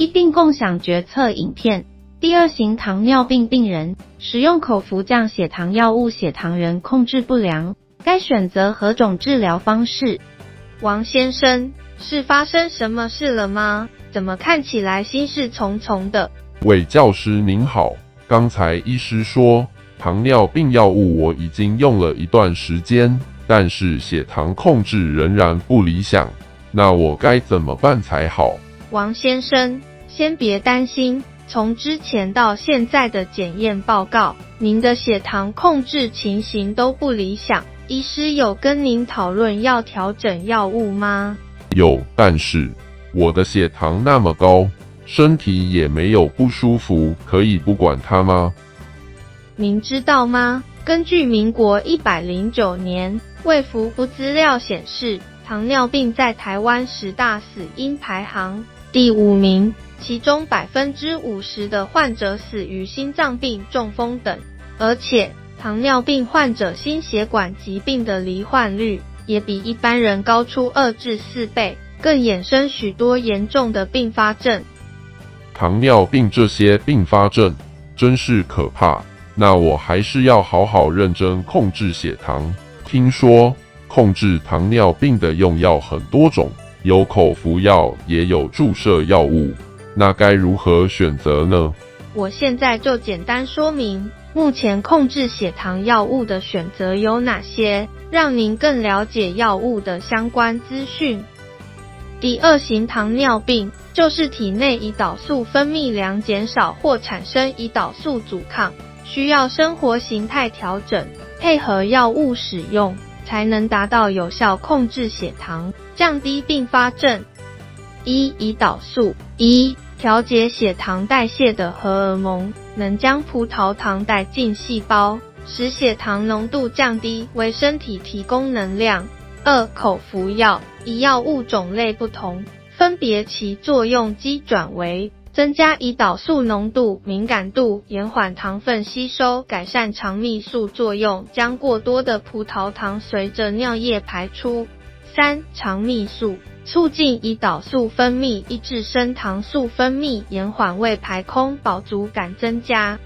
醫病共享決策影片。第二型糖尿病病人使用口服降血糖藥物，血糖仍控制不良，該選擇何種治療方式？王先生，是發生什麼事了嗎？怎麼看起來心事重重的？衛教師，您好，剛才醫師說糖尿病藥物我已經用了一段時間，但是血糖控制仍然不理想，那我該怎麼辦才好？王先生。先別擔心，從之前到現在的檢驗報告，您的血糖控制情形都不理想。醫師有跟您討論要調整藥物嗎？有，但是我的血糖那麼高，身體也沒有不舒服，可以不管它嗎？您知道嗎？根據民國一百零九年衛福部資料顯示，糖尿病在台灣十大死因排行第五名，其中百分之五十的患者死於心臟病、中風等，而且糖尿病患者心血管疾病的罹患率，也比一般人高出二至四倍，更衍生許多嚴重的併發症。糖尿病這些併發症真是可怕，那我還是要好好認真控制血糖。聽說控制糖尿病的用藥很多種。有口服藥，也有注射藥物，那該如何選擇呢？我現在就簡單說明，目前控制血糖藥物的選擇有哪些，讓您更了解藥物的相關資訊。第二型糖尿病就是體內胰島素分泌量減少或產生胰島素阻抗，需要生活形態調整，配合藥物使用，才能達到有效控制血糖。降低併發症。一、胰島素，一調節血糖代謝的荷爾蒙，能將葡萄糖帶進細胞，使血糖濃度降低，為身體提供能量。二、口服藥，以藥物種類不同，分別其作用機轉為：增加胰島素濃度、敏感度，延緩糖分吸收，改善腸泌素作用，將過多的葡萄糖隨着尿液排出。三、腸泌素，促進胰島素分泌，抑制升糖素分泌，延緩胃排空，飽足感增加。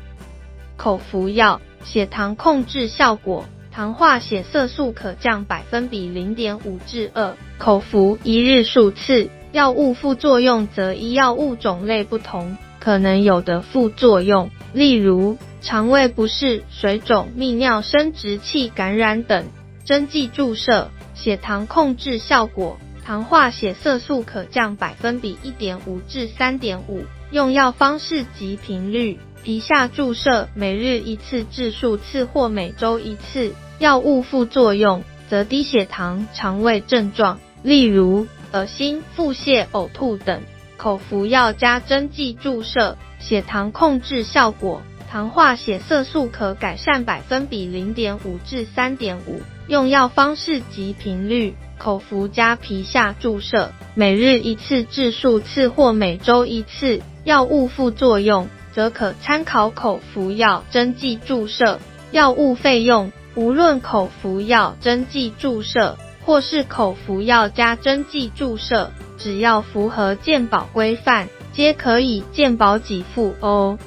口服藥，血糖控制效果，糖化血色素可降百分比零點五至二。口服一日數次。藥物副作用則依藥物種類不同，可能有的副作用，例如腸胃不適、水腫、泌尿生殖器感染等。針劑注射。血糖控制效果，糖化血色素可降百分比一點五至三點五。用藥方式及頻率：皮下注射，每日一次至數次或每週一次。藥物副作用則低血糖、腸胃症狀，例如噁心、腹瀉、嘔吐等。口服藥加針劑注射，血糖控制效果。糖化血色素可改善百分比零點五至三點五。用藥方式及頻率：口服加皮下注射，每日一次至數次或每周一次。藥物副作用則可參考口服藥、針劑注射。藥物費用，無論口服藥、針劑注射，或是口服藥加針劑注射，只要符合健保規範，皆可以健保給付哦。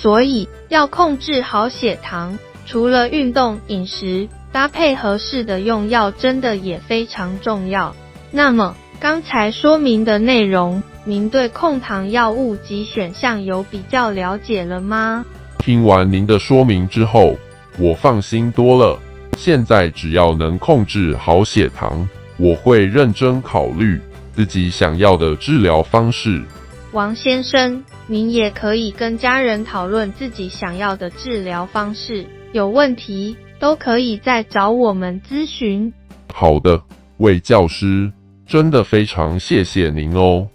所以要控制好血糖，除了運動、飲食搭配合適的用藥，真的也非常重要。那麼剛才說明的內容，您對控糖藥物及選項有比較了解了嗎？聽完您的說明之後，我放心多了。現在只要能控制好血糖，我會認真考慮自己想要的治療方式。王先生，您也可以跟家人討論自己想要的治療方式，有問題都可以再找我們諮詢。好的，衛教師，真的非常謝謝您哦。